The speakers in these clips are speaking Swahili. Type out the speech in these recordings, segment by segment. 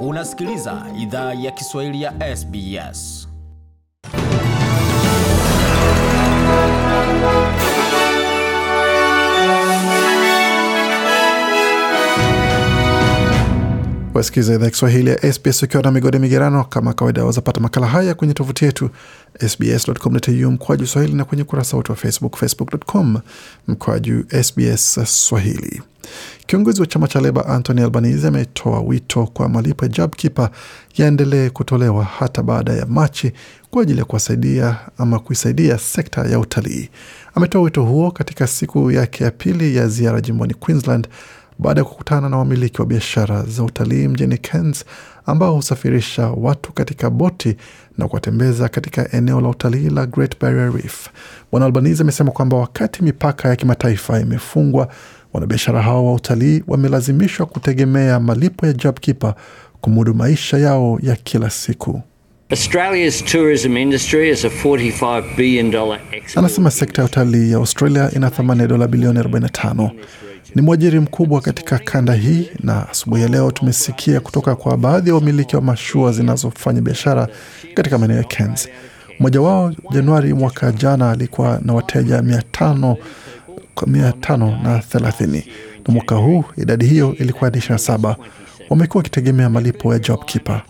Unasikiliza idhaa ya Kiswahili ya SBS. Wasikiliza idhaa ya Kiswahili ya SBS ukiwa na migode migerano. Kama kawaida, wazapata makala haya kwenye tovuti yetu sbs.com.au mkwaju swahili na kwenye ukurasa wetu wa Facebook, facebook.com mkwaju SBS Swahili. Kiongozi wa chama cha Leba Anthony Albanese ametoa wito kwa malipo ya keeper yaendelee kutolewa hata baada ya Machi kwa ajili ya kuwasaidia ama kuisaidia sekta ya utalii. Ametoa wito huo katika siku yake ya pili ya ziara jimboni Queensland baada ya kukutana na wamiliki wa biashara za utalii mjini Cairns ambao husafirisha watu katika boti na kuwatembeza katika eneo la utalii la Great Barrier Reef. Bwana Albanese amesema kwamba wakati mipaka ya kimataifa imefungwa, wanabiashara hao wa utalii wamelazimishwa kutegemea malipo ya JobKeeper kumudu maisha yao ya kila siku. Australia's tourism industry is a $45 billion. Anasema sekta ya utalii ya Australia ina thamani ya dola bilioni 45 ni mwajiri mkubwa katika kanda hii, na asubuhi ya leo tumesikia kutoka kwa baadhi ya wamiliki wa mashua zinazofanya biashara katika maeneo ya Cairns. Mmoja wao Januari mwaka jana alikuwa na wateja mia tano mia tano na thelathini na mwaka huu idadi hiyo ilikuwa ni ishirini na saba wamekuwa wakitegemea malipo ya JobKeeper.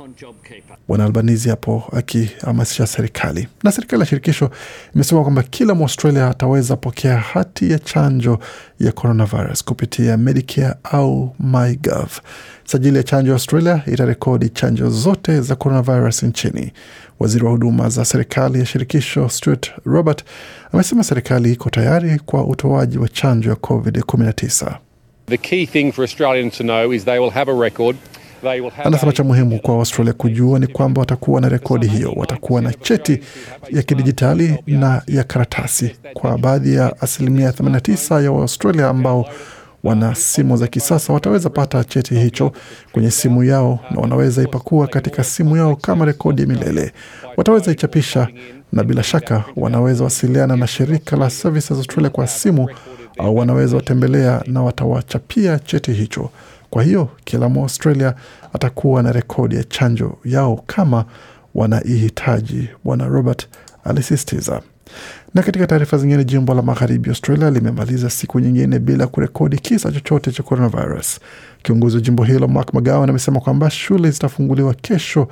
Bwana Albanizi hapo akihamasisha serikali. Na serikali ya shirikisho imesema kwamba kila Mwaustralia ataweza pokea hati ya chanjo ya coronavirus kupitia Medicare au MyGov. Sajili ya chanjo ya Australia itarekodi chanjo zote za coronavirus nchini. Waziri wa huduma za serikali ya shirikisho Stuart Robert amesema serikali iko tayari kwa utoaji wa chanjo ya COVID-19. Anasema cha muhimu kwa Australia kujua ni kwamba watakuwa na rekodi hiyo, watakuwa na cheti ya kidijitali na ya karatasi. Kwa baadhi ya asilimia 89 ya Waaustralia ambao wana simu za kisasa wataweza pata cheti hicho kwenye simu yao, na wanaweza ipakua katika simu yao kama rekodi ya milele, wataweza ichapisha, na bila shaka wanaweza wasiliana na shirika la Services Australia kwa simu au wanaweza watembelea na watawachapia cheti hicho. Kwa hiyo kila Mwaustralia atakuwa na rekodi ya chanjo yao kama wanaihitaji, Bwana Robert alisisitiza. Na katika taarifa zingine, jimbo la magharibi Australia limemaliza siku nyingine bila kurekodi kisa chochote cha coronavirus. Kiongozi wa jimbo hilo Mark McGowan amesema kwamba shule zitafunguliwa kesho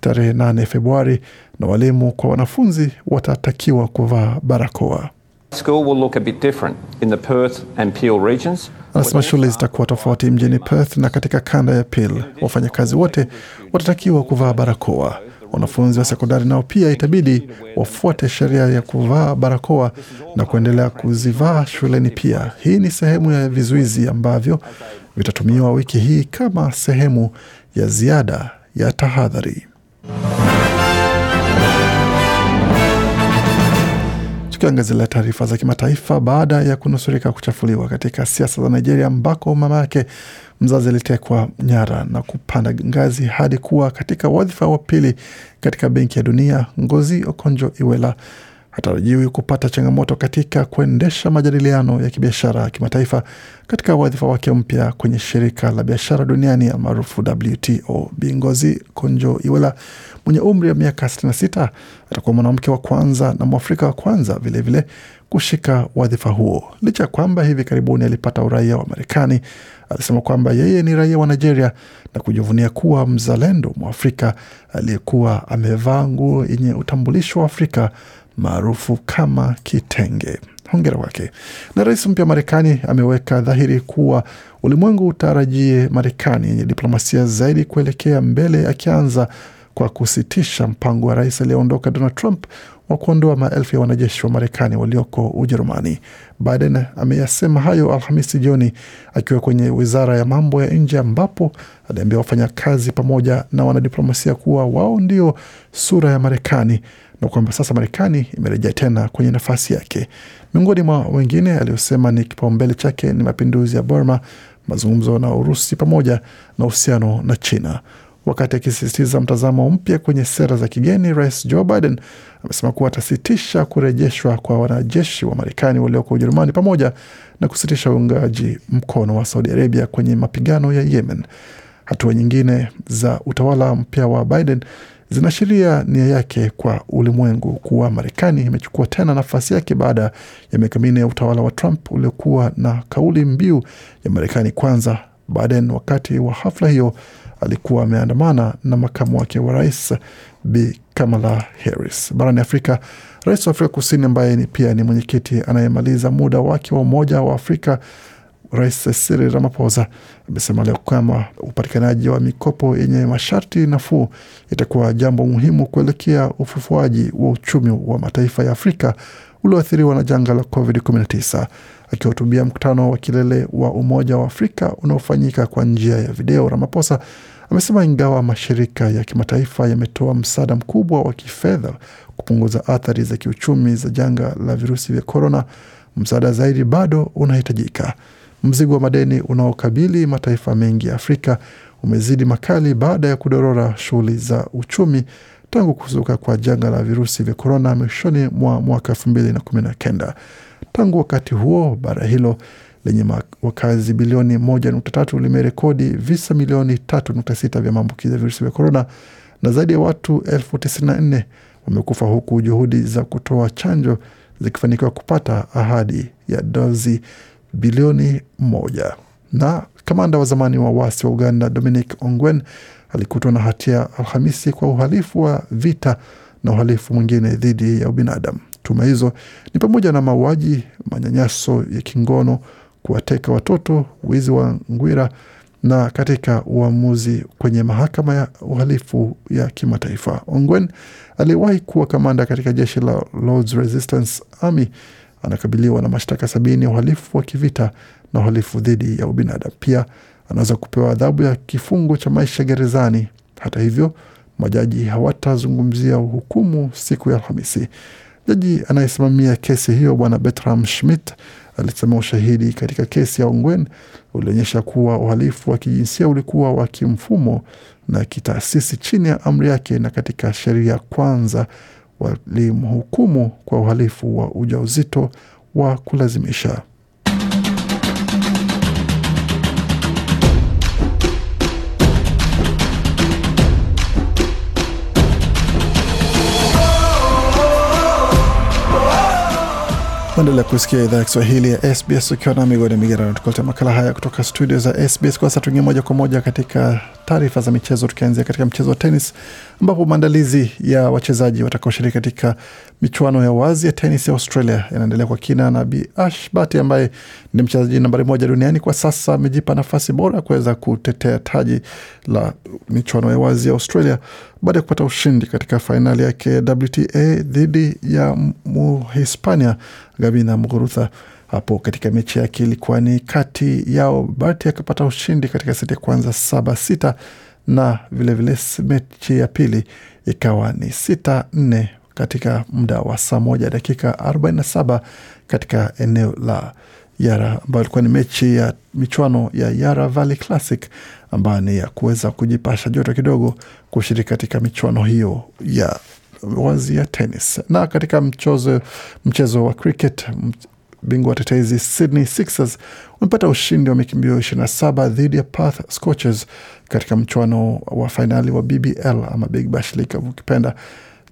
tarehe 8 Februari na walimu kwa wanafunzi watatakiwa kuvaa barakoa. Anasema shule zitakuwa tofauti mjini Perth na katika kanda ya Peel. Wafanyakazi wote watatakiwa kuvaa barakoa. Wanafunzi wa sekondari nao pia itabidi wafuate sheria ya kuvaa barakoa na kuendelea kuzivaa shuleni pia. Hii ni sehemu ya vizuizi ambavyo vitatumiwa wiki hii kama sehemu ya ziada ya tahadhari. Tukiangazia la taarifa za kimataifa, baada ya kunusurika kuchafuliwa katika siasa za Nigeria ambako mama yake mzazi alitekwa nyara na kupanda ngazi hadi kuwa katika wadhifa wa pili katika Benki ya Dunia, Ngozi Okonjo Iweala hatarajiwi kupata changamoto katika kuendesha majadiliano ya kibiashara ya kimataifa katika wadhifa wake mpya kwenye shirika la biashara duniani almaarufu WTO. Bingozi Konjo iwela mwenye umri wa miaka 66 atakuwa mwanamke wa kwanza na mwafrika wa kwanza vilevile vile kushika wadhifa huo. Licha ya kwamba hivi karibuni alipata uraia wa Marekani, alisema kwamba yeye ni raia wa Nigeria na kujivunia kuwa mzalendo mwa Afrika aliyekuwa amevaa nguo yenye utambulisho wa Afrika maarufu kama kitenge. Hongera kwake. Na rais mpya wa Marekani ameweka dhahiri kuwa ulimwengu utarajie Marekani yenye diplomasia zaidi kuelekea mbele, akianza kwa kusitisha mpango wa rais aliyeondoka Donald Trump wa kuondoa maelfu ya wanajeshi wa Marekani walioko Ujerumani. Biden ameyasema hayo Alhamisi jioni akiwa kwenye wizara ya mambo ya nje, ambapo aliambia wafanyakazi pamoja na wanadiplomasia kuwa wao ndio sura ya Marekani na kwamba sasa Marekani imerejea tena kwenye nafasi yake. Miongoni mwa wengine aliyosema ni kipaumbele chake ni mapinduzi ya Burma, mazungumzo na Urusi pamoja na uhusiano na China. Wakati akisisitiza mtazamo mpya kwenye sera za kigeni, Rais Joe Biden amesema kuwa atasitisha kurejeshwa kwa wanajeshi wa Marekani walioko Ujerumani pamoja na kusitisha uungaji mkono wa Saudi Arabia kwenye mapigano ya Yemen. Hatua nyingine za utawala mpya wa Biden zinaashiria nia yake kwa ulimwengu kuwa Marekani imechukua tena nafasi yake baada ya miaka minne ya utawala wa Trump uliokuwa na kauli mbiu ya Marekani kwanza. Biden, wakati wa hafla hiyo, alikuwa ameandamana na makamu wake wa rais Bi Kamala Harris. Barani Afrika, rais wa Afrika Kusini ambaye ni pia ni mwenyekiti anayemaliza muda wake wa Umoja wa Afrika Rais Cyril Ramaphosa amesema leo kwamba upatikanaji wa mikopo yenye masharti nafuu itakuwa jambo muhimu kuelekea ufufuaji wa uchumi wa mataifa ya Afrika ulioathiriwa na janga la COVID-19. Akihutubia mkutano wa kilele wa Umoja wa Afrika unaofanyika kwa njia ya video, ramaposa amesema ingawa mashirika ya kimataifa yametoa msaada mkubwa wa kifedha kupunguza athari za kiuchumi za janga la virusi vya korona, msaada zaidi bado unahitajika. Mzigo wa madeni unaokabili mataifa mengi ya Afrika umezidi makali baada ya kudorora shughuli za uchumi tangu kuzuka kwa janga la virusi vya korona mwishoni mwa mwaka elfu mbili na kumi na kenda. Tangu wakati huo bara hilo lenye wakazi bilioni moja nukta tatu limerekodi visa milioni tatu nukta sita vya maambukizi ya virusi vya korona na zaidi ya watu elfu tisini na nne wamekufa huku juhudi za kutoa chanjo zikifanikiwa kupata ahadi ya dozi bilioni moja. Na kamanda wa zamani wa wasi wa Uganda Dominic Ongwen alikutwa na hatia Alhamisi kwa uhalifu wa vita na uhalifu mwingine dhidi ya ubinadamu. Tuma hizo ni pamoja na mauaji, manyanyaso ya kingono, kuwateka watoto, wizi wa ngwira na katika uamuzi kwenye mahakama ya uhalifu ya kimataifa. Ongwen aliyewahi kuwa kamanda katika jeshi la Lords Resistance Army. Anakabiliwa na mashtaka sabini ya uhalifu wa kivita na uhalifu dhidi ya ubinadamu. Pia anaweza kupewa adhabu ya kifungo cha maisha gerezani. Hata hivyo, majaji hawatazungumzia uhukumu siku ya Alhamisi. Jaji anayesimamia kesi hiyo Bwana Bertram Schmidt alisema ushahidi katika kesi ya Ongwen ulionyesha kuwa uhalifu wa kijinsia ulikuwa wa kimfumo na kitaasisi chini ya amri yake, na katika sheria kwanza walimhukumu kwa uhalifu wa ujauzito wa kulazimisha. Kuendelea kusikia idhaa ya Kiswahili ya SBS ukiwa na migodi migerano, tukuletea makala haya kutoka studio za SBS. Kwa sasa tuingie moja kwa moja katika taarifa za michezo, tukianzia katika mchezo wa tenis ambapo maandalizi ya wachezaji watakaoshiriki katika michuano ya wazi ya tenis ya Australia yanaendelea kwa kina, na Bi ambaye ni mchezaji nambari moja duniani kwa sasa amejipa nafasi bora ya kuweza kutetea taji la michuano ya wazi ya Australia baada ya kupata ushindi katika fainali yake ya WTA dhidi ya Muhispania Gabina Muguruza hapo katika mechi yake ilikuwa ni kati yao. Barty akapata ushindi katika seti ya kwanza saba sita na vilevile vile mechi ya pili ikawa ni sita nne katika muda wa saa moja dakika 47 katika eneo la Yara ambayo ilikuwa ni mechi ya michuano ya Yara Valley Classic ambayo ni ya kuweza kujipasha joto kidogo kushiriki katika michuano hiyo ya wazi ya tenis. Na katika mchozo, mchezo wa cricket bingwa watetezi Sydney Sixers wamepata ushindi wa mikimbio 27 dhidi ya Perth Scorchers katika mchuano wa fainali wa BBL ama Big Bash League ukipenda.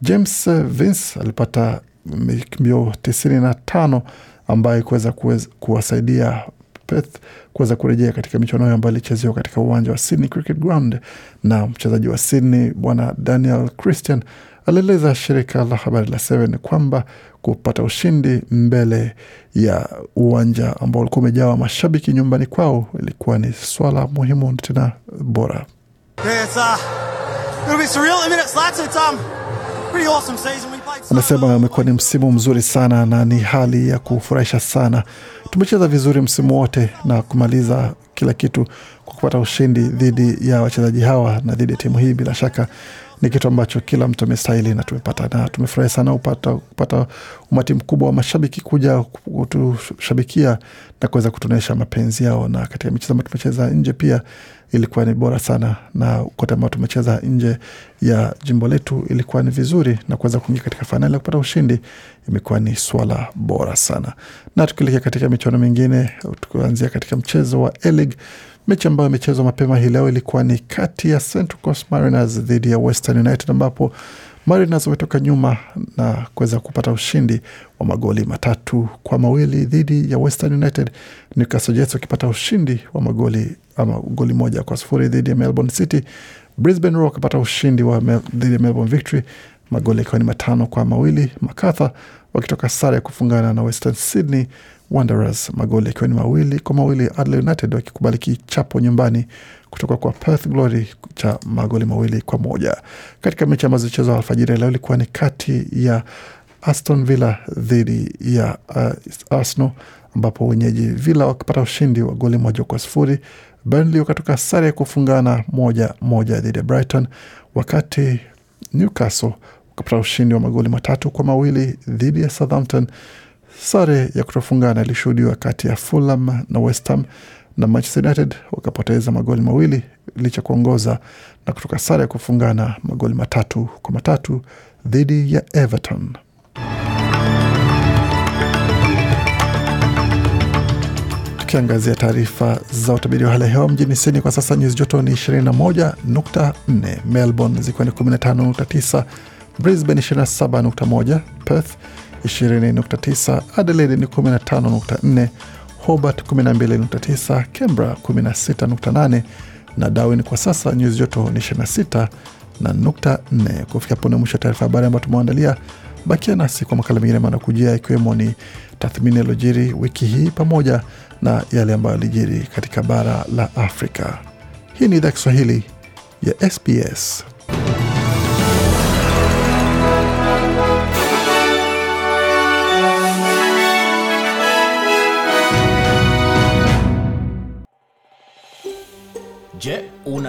James Vince alipata mikimbio tisini na tano ambaye kuweza kuwasaidia Perth kuweza kurejea katika michuano hiyo ambayo ilichezewa katika uwanja wa Sydney Cricket Ground na mchezaji wa Sydney bwana Daniel Christian Alieleza shirika la habari la Seven kwamba kupata ushindi mbele ya uwanja ambao ulikuwa umejawa mashabiki nyumbani kwao ilikuwa ni swala muhimu tena bora. Um, Anasema amekuwa ni msimu mzuri sana na ni hali ya kufurahisha sana. Tumecheza vizuri msimu wote na kumaliza kila kitu kwa kupata ushindi dhidi ya wachezaji hawa na dhidi ya timu hii. Bila shaka ni kitu ambacho kila mtu amestahili na tumepata na tumefurahi sana upata, upata umati mkubwa wa mashabiki kuja kutushabikia na kuweza kutuonyesha mapenzi yao, na katika michezo ambayo tumecheza nje pia ilikuwa ni bora sana, na kote ambao tumecheza nje ya jimbo letu ilikuwa ni vizuri, na kuweza kuingia katika fainali ya kupata ushindi imekuwa ni swala bora sana. Na tukielekea katika michuano mingine, tukianzia katika mchezo wa A-League, mechi ambayo imechezwa mapema hii leo ilikuwa ni kati ya Central Coast Mariners dhidi ya Western Manchester United ambapo Mariners wametoka nyuma na kuweza kupata ushindi wa magoli matatu kwa mawili dhidi ya Western United, Newcastle Jets wakipata ushindi wa magoli ama goli moja kwa sufuri dhidi ya Melbourne City, Brisbane Roar wakapata ushindi wa dhidi ya Melbourne Victory magoli yakiwa ni matano kwa mawili. Makatha wakitoka sare ya kufungana na Western Sydney Wanderers magoli yakiwa ni mawili kwa mawili. Adelaide United wakikubali kichapo nyumbani kutoka kwa Perth Glory cha magoli mawili kwa moja. Katika mechi ambazo zilichezwa alfajiri leo ilikuwa ni kati ya Aston Villa dhidi ya uh, Arsenal ambapo wenyeji Villa wakipata ushindi wa goli moja kwa sufuri Burnley wakatoka sare ya kufungana moja moja dhidi ya Brighton, wakati Newcastle kupata ushindi wa magoli matatu kwa mawili dhidi ya Southampton. Sare ya kutofungana ilishuhudiwa kati ya Fulham na West Ham na Manchester United wakapoteza magoli mawili licha kuongoza na kutoka sare ya kufungana magoli matatu kwa matatu dhidi ya Everton. Tukiangazia taarifa za utabiri wa hali ya hewa mjini Sydney kwa sasa, nyuzi joto ni 21.4, Melbourne zikiwa ni 15.9 Brisbane 27.1, Perth 20.9, Adelaide ni 15.4, Hobart 12.9, Canberra 16.8 na Darwin kwa sasa nyuzi joto ni 26 na nukta 4. Kufikia hapo ni mwisho wa taarifa habari ambayo tumeandalia. Bakia nasi kwa makala mengine kujia ikiwemo ni tathmini yaliyojiri wiki hii pamoja na yale ambayo yalijiri katika bara la Afrika. Hii ni idhaa Kiswahili ya SBS.